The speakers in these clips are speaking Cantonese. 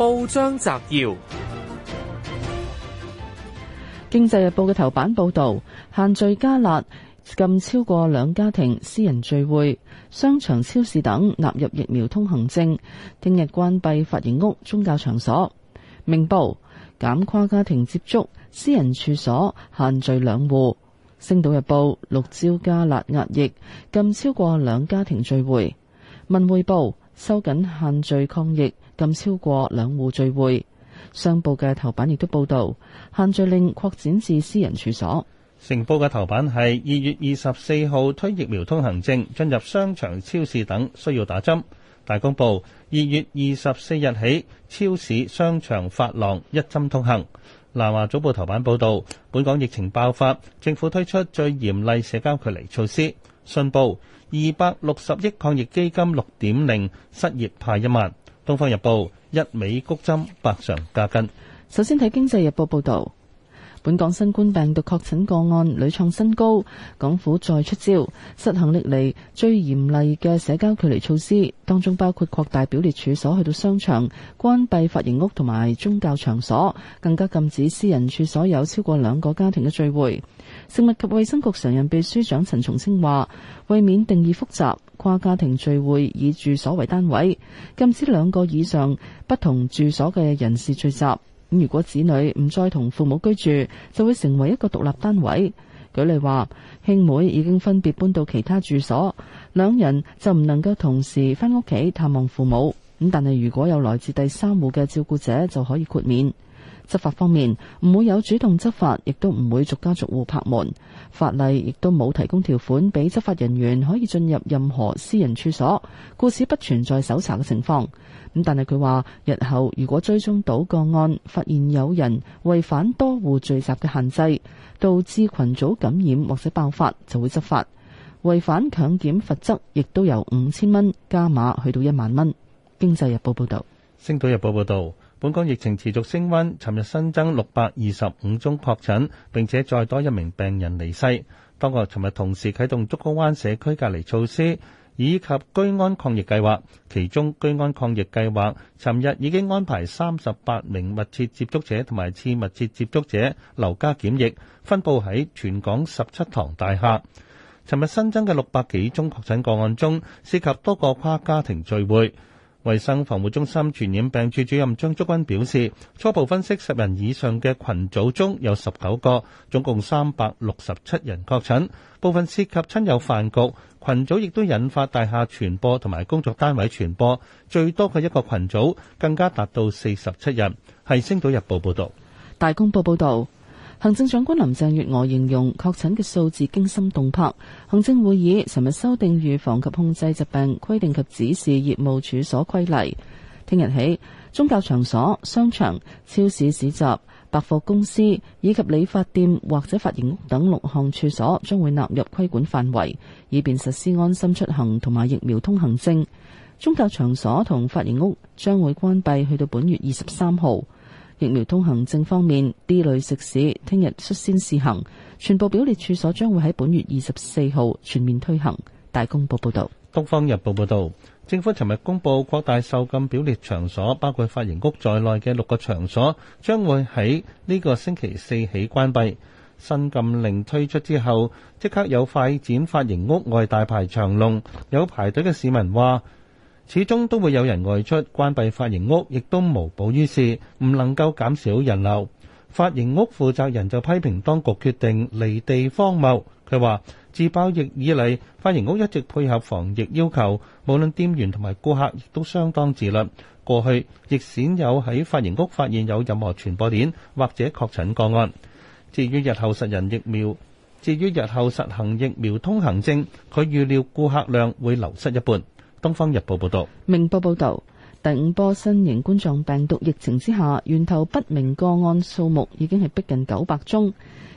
報章摘要：經濟日報嘅頭版報道，限聚加辣，禁超過兩家庭私人聚會，商場、超市等納入疫苗通行證，聽日關閉髮型屋、宗教場所。明報減跨家庭接觸，私人處所限聚兩戶。星島日報六招加辣壓疫禁超過兩家庭聚會。文匯報收緊限聚抗疫。禁超過兩戶聚會。商報嘅頭版亦都報道限聚令擴展至私人處所。成報嘅頭版係二月二十四號推疫苗通行證，進入商場、超市等需要打針。大公報二月二十四日起，超市、商場、髮廊一針通行。南華早報頭版報導，本港疫情爆發，政府推出最嚴厲社交距離措施。信報二百六十億抗疫基金六點零，失業派一萬。《東方日報》一美谷針，百常加根。首先睇《經濟日報》報導。本港新冠病毒確診個案屢創新高，港府再出招，實行歷嚟最嚴厲嘅社交距離措施，當中包括擴大表列處所去到商場、關閉髮型屋同埋宗教場所，更加禁止私人處所有超過兩個家庭嘅聚會。食物及衛生局常任秘書長陳松青話，為免定義複雜，跨家庭聚會以住所為單位，禁止兩個以上不同住所嘅人士聚集。咁如果子女唔再同父母居住，就會成為一個獨立單位。舉例話，兄妹已經分別搬到其他住所，兩人就唔能夠同時翻屋企探望父母。咁但係如果有來自第三戶嘅照顧者，就可以豁免。執法方面，唔會有主動執法，亦都唔會逐家逐戶拍門。法例亦都冇提供條款俾執法人員可以進入任何私人處所，故此不存在搜查嘅情況。咁但係佢話，日後如果追蹤到個案，發現有人違反多戶聚集嘅限制，導致群組感染或者爆發，就會執法。違反強檢罰則，亦都由五千蚊加碼去到一萬蚊。經濟日報報導，星島日報報道：「本港疫情持續升溫，尋日新增六百二十五宗確診，並且再多一名病人離世。當局尋日同時啟動竹篙灣社區隔離措施。以及居安抗疫計劃，其中居安抗疫計劃，尋日已經安排三十八名密切接觸者同埋次密切接觸者留家檢疫，分佈喺全港十七堂大廈。尋日新增嘅六百幾宗確診個案中，涉及多個跨家庭聚會。衛生防護中心傳染病處主任張竹君表示，初步分析十人以上嘅群組中有十九個，總共三百六十七人確診，部分涉及親友飯局，群組亦都引發大廈傳播同埋工作單位傳播，最多嘅一個群組更加達到四十七人。係《星島日報》報道，《大公報》報道。行政長官林鄭月娥形容確診嘅數字驚心動魄。行政會議尋日修訂預防及控制疾病規定及指示業務處所規例，聽日起，宗教場所、商場、超市、市集、百貨公司以及理髮店或者髮型屋等六項處所將會納入規管範圍，以便實施安心出行同埋疫苗通行證。宗教場所同髮型屋將會關閉，去到本月二十三號。疫苗通行證方面，D 類食肆聽日率先試行，全部表列處所將會喺本月二十四號全面推行。大公報報道，東方日報報道，政府尋日公布擴大受禁表列場所，包括髮型屋在內嘅六個場所將會喺呢個星期四起關閉，新禁令推出之後即刻有快剪髮型屋外大排長龍，有排隊嘅市民話始終都會有人外出，關閉髮型屋亦都無補於事，唔能夠減少人流。髮型屋負責人就批評當局決定離地荒謬。佢話：自爆疫以嚟，髮型屋一直配合防疫要求，無論店員同埋顧客亦都相當自律。過去亦鮮有喺髮型屋發現有任何傳播鏈或者確診個案。至於日後實人疫苗，至於日後實行疫苗通行證，佢預料顧客量會流失一半。《東方日報》報道，《明報》報道，第五波新型冠狀病毒疫情之下，源頭不明個案數目已經係逼近九百宗。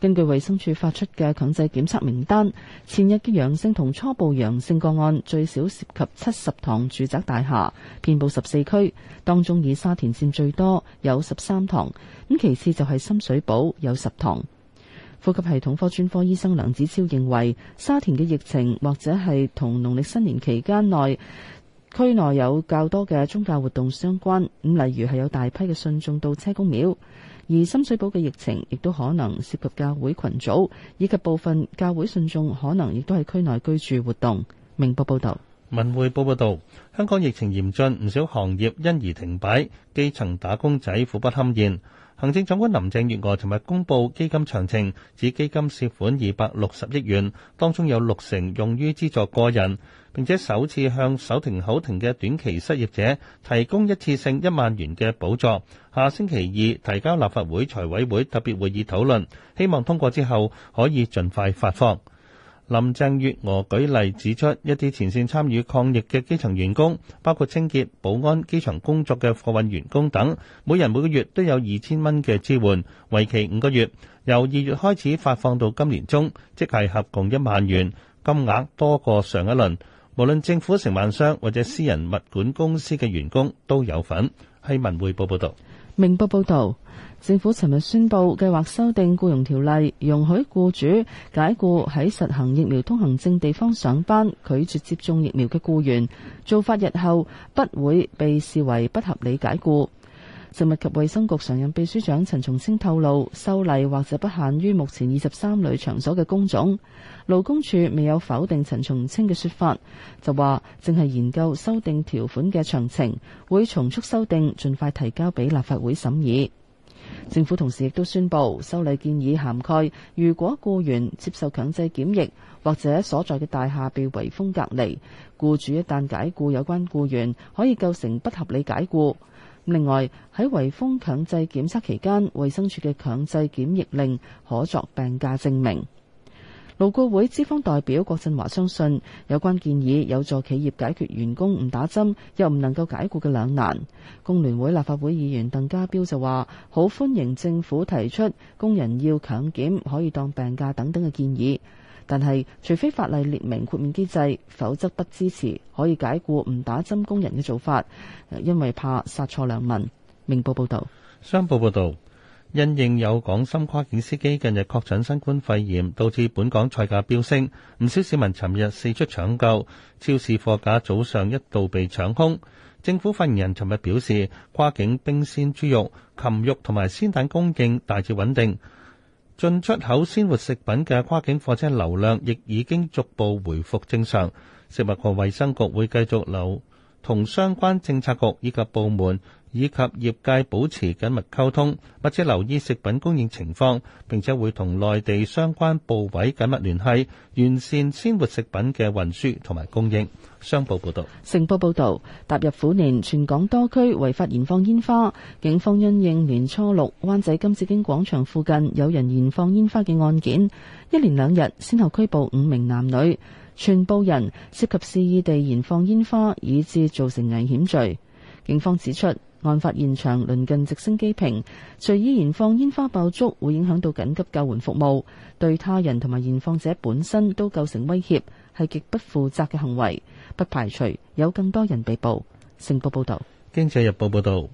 根據衛生署發出嘅強制檢測名單，前日嘅陽性同初步陽性個案最少涉及七十堂住宅大廈，遍佈十四區，當中以沙田綫最多，有十三堂，咁其次就係深水埗有十堂。呼吸系統科專科醫生梁子超認為，沙田嘅疫情或者係同農曆新年期間內區內有較多嘅宗教活動相關，咁例如係有大批嘅信眾到車公廟，而深水埗嘅疫情亦都可能涉及教會群組，以及部分教會信眾可能亦都係區內居住活動。明報報道：「文匯報報道，香港疫情嚴峻，唔少行業因而停擺，基層打工仔苦不堪言。」行政長官林鄭月娥尋日公布基金詳情，指基金涉款二百六十億元，當中有六成用於資助個人，並且首次向手停口停嘅短期失業者提供一次性一萬元嘅補助。下星期二提交立法會財委會特別會議討論，希望通過之後可以盡快發放。林鄭月娥舉例指出，一啲前線參與抗疫嘅基層員工，包括清潔、保安、機場工作嘅貨運員工等，每人每個月都有二千蚊嘅支援，為期五個月，由二月開始發放到今年中，即係合共一萬元，金額多過上一輪。無論政府承辦商或者私人物管公司嘅員工都有份。係《文匯報》報道。明報報道，政府尋日宣布計劃修訂雇傭條例，容許雇主解雇喺實行疫苗通行證地方上班、拒絕接種疫苗嘅雇員，做法日後不會被視為不合理解雇。食物及衛生局常任秘書長陳松青透露，修例或者不限於目前二十三類場所嘅工種。勞工處未有否定陳松青嘅說法，就話正係研究修訂條款嘅詳情，會從速修訂，盡快提交俾立法會審議。政府同時亦都宣布，修例建議涵蓋，如果雇員接受強制檢疫，或者所在嘅大廈被圍封隔離，雇主一旦解雇有關雇員，可以構成不合理解雇。另外，喺圍封強制檢測期間，衛生署嘅強制檢疫令可作病假證明。勞顧會資方代表郭振華相信，有關建議有助企業解決員工唔打針又唔能夠解雇嘅兩難。工聯會立法會議員鄧家彪就話：好歡迎政府提出工人要強檢可以當病假等等嘅建議。但係，除非法例列明豁免機制，否則不支持可以解雇唔打針工人嘅做法，因為怕殺錯良民。明報報道：「商報報道，因應有港深跨境司機近日確診新冠肺炎，導致本港菜價飆升，唔少市民尋日四出搶救，超市貨架早上一度被搶空。政府發言人尋日表示，跨境冰鮮豬肉、禽肉同埋鮮蛋供應大致穩定。進出口鮮活食品嘅跨境貨車流量亦已經逐步回復正常。食物和衛生局會繼續留同相關政策局以及部門以及業界保持緊密溝通，或者留意食品供應情況，並且會同內地相關部委緊密聯繫，完善鮮活食品嘅運輸同埋供應。商報報道。成報報導，踏入虎年，全港多區違法燃放煙花，警方因應年初六灣仔金紫荊廣場附近有人燃放煙花嘅案件，一連兩日，先後拘捕五名男女。全部人涉及肆意地燃放煙花，以致造成危險罪。警方指出，案發現場鄰近直升機坪，隨意燃放煙花爆竹會影響到緊急救援服務，對他人同埋燃放者本身都構成威脅，係極不負責嘅行為。不排除有更多人被捕。成報報道，經濟日報報道。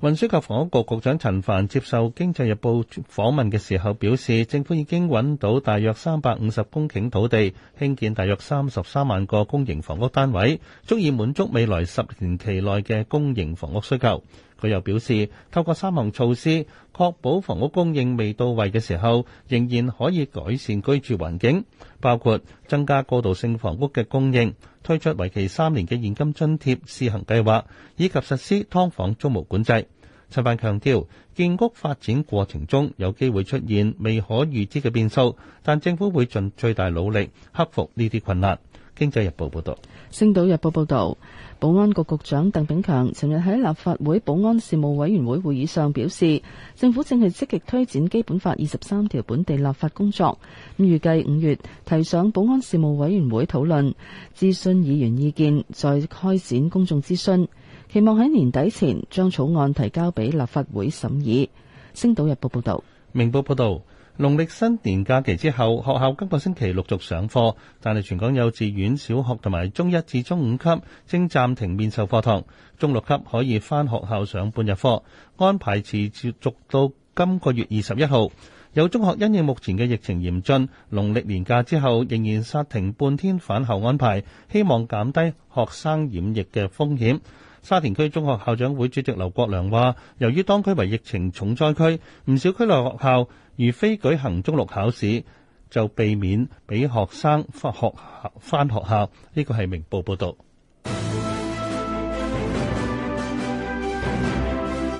運輸及房屋局局長陳帆接受《經濟日報》訪問嘅時候表示，政府已經揾到大約三百五十公頃土地，興建大約三十三萬個公營房屋單位，足以滿足未來十年期內嘅公營房屋需求。佢又表示，透過三項措施確保房屋供應未到位嘅時候，仍然可以改善居住環境，包括增加過渡性房屋嘅供應，推出為期三年嘅現金津貼試行計劃，以及實施劏房租務管制。陳帆強調，建屋發展過程中有機會出現未可預知嘅變數，但政府會盡最大努力克服呢啲困難。經濟日報報道，星島日報報道，保安局局長鄧炳強尋日喺立法會保安事務委員會會議上表示，政府正係積極推展基本法二十三條本地立法工作，咁預計五月提上保安事務委員會討論，諮詢議員意見，再開展公眾諮詢，期望喺年底前將草案提交俾立法會審議。星島日報報道，明報報道。農曆新年假期之後，學校今個星期陸續上課，但係全港幼稚園、小學同埋中一至中五級正暫停面授課堂，中六級可以翻學校上半日課，安排持續到今個月二十一號。有中學因應目前嘅疫情嚴峻，農曆年假之後仍然煞停半天返校安排，希望減低學生染疫嘅風險。沙田區中學校長會主席劉國良話：由於當區為疫情重災區，唔少區內學校如非舉行中六考試，就避免俾學生翻學校翻學校。呢個係明報報道。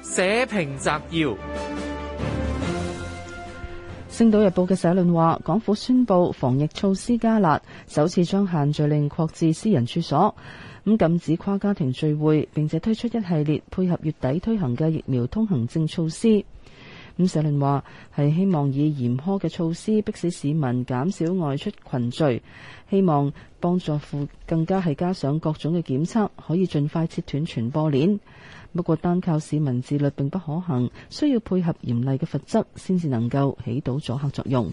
社評摘要，《星島日報》嘅社論話：港府宣布防疫措施加辣，首次將限聚令擴至私人處所。咁禁止跨家庭聚會，並且推出一系列配合月底推行嘅疫苗通行證措施。咁社論話，係希望以嚴苛嘅措施迫使市民減少外出群聚，希望幫助附更加係加上各種嘅檢測，可以盡快切斷傳播鏈。不過單靠市民自律並不可行，需要配合嚴厲嘅罰則先至能夠起到阻嚇作用。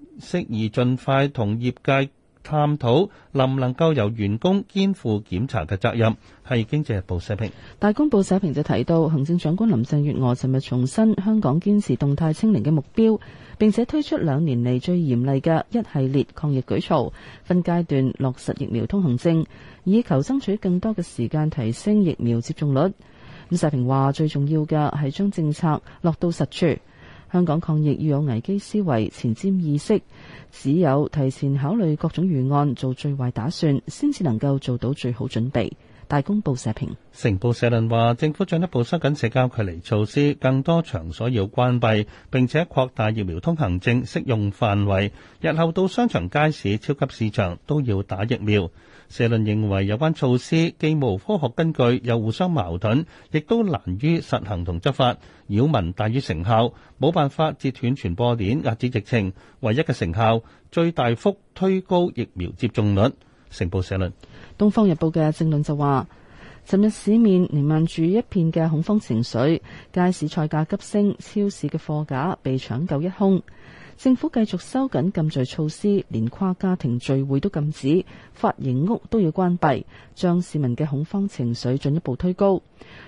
適宜盡快同業界探討，能唔能夠由員工肩負檢查嘅責任？係《經濟日報》社評。大公報社評就提到，行政長官林鄭月娥尋日重申香港堅持動態清零嘅目標，並且推出兩年嚟最嚴厲嘅一系列抗疫舉措，分階段落實疫苗通行證，以求爭取更多嘅時間提升疫苗接種率。咁社評話，最重要嘅係將政策落到實處。香港抗疫要有危機思維、前瞻意識，只有提前考慮各種預案，做最壞打算，先至能夠做到最好準備。大公報社評，成報社論話，政府進一步收緊社交距離措施，更多場所要關閉，並且擴大疫苗通行證適用範圍。日後到商場、街市、超級市場都要打疫苗。社論認為有關措施既無科學根據，又互相矛盾，亦都難於實行同執法，擾民大於成效，冇辦法截斷傳播鏈、壓制疫情。唯一嘅成效，最大幅推高疫苗接種率。成報社論，《東方日報》嘅政論就話，尋日市面瀰漫住一片嘅恐慌情緒，街市菜價急升，超市嘅貨架被搶購一空。政府繼續收緊禁聚措施，連跨家庭聚會都禁止，髮型屋都要關閉，將市民嘅恐慌情緒進一步推高。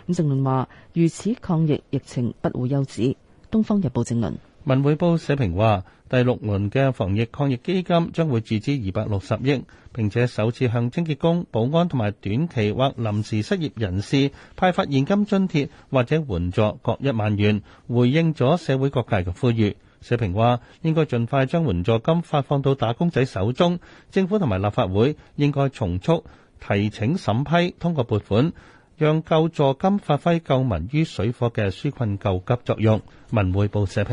咁政論話，如此抗疫疫情不會休止。《東方日報》政論。文匯報社評話，第六輪嘅防疫抗疫基金將會注資二百六十億，並且首次向清潔工、保安同埋短期或臨時失業人士派發現金津貼或者援助各一萬元，回應咗社會各界嘅呼籲。社評話，應該盡快將援助金發放到打工仔手中，政府同埋立法會應該從速提請審批通過撥款，讓救助金發揮救民於水火嘅紓困救急作用。文匯報社評。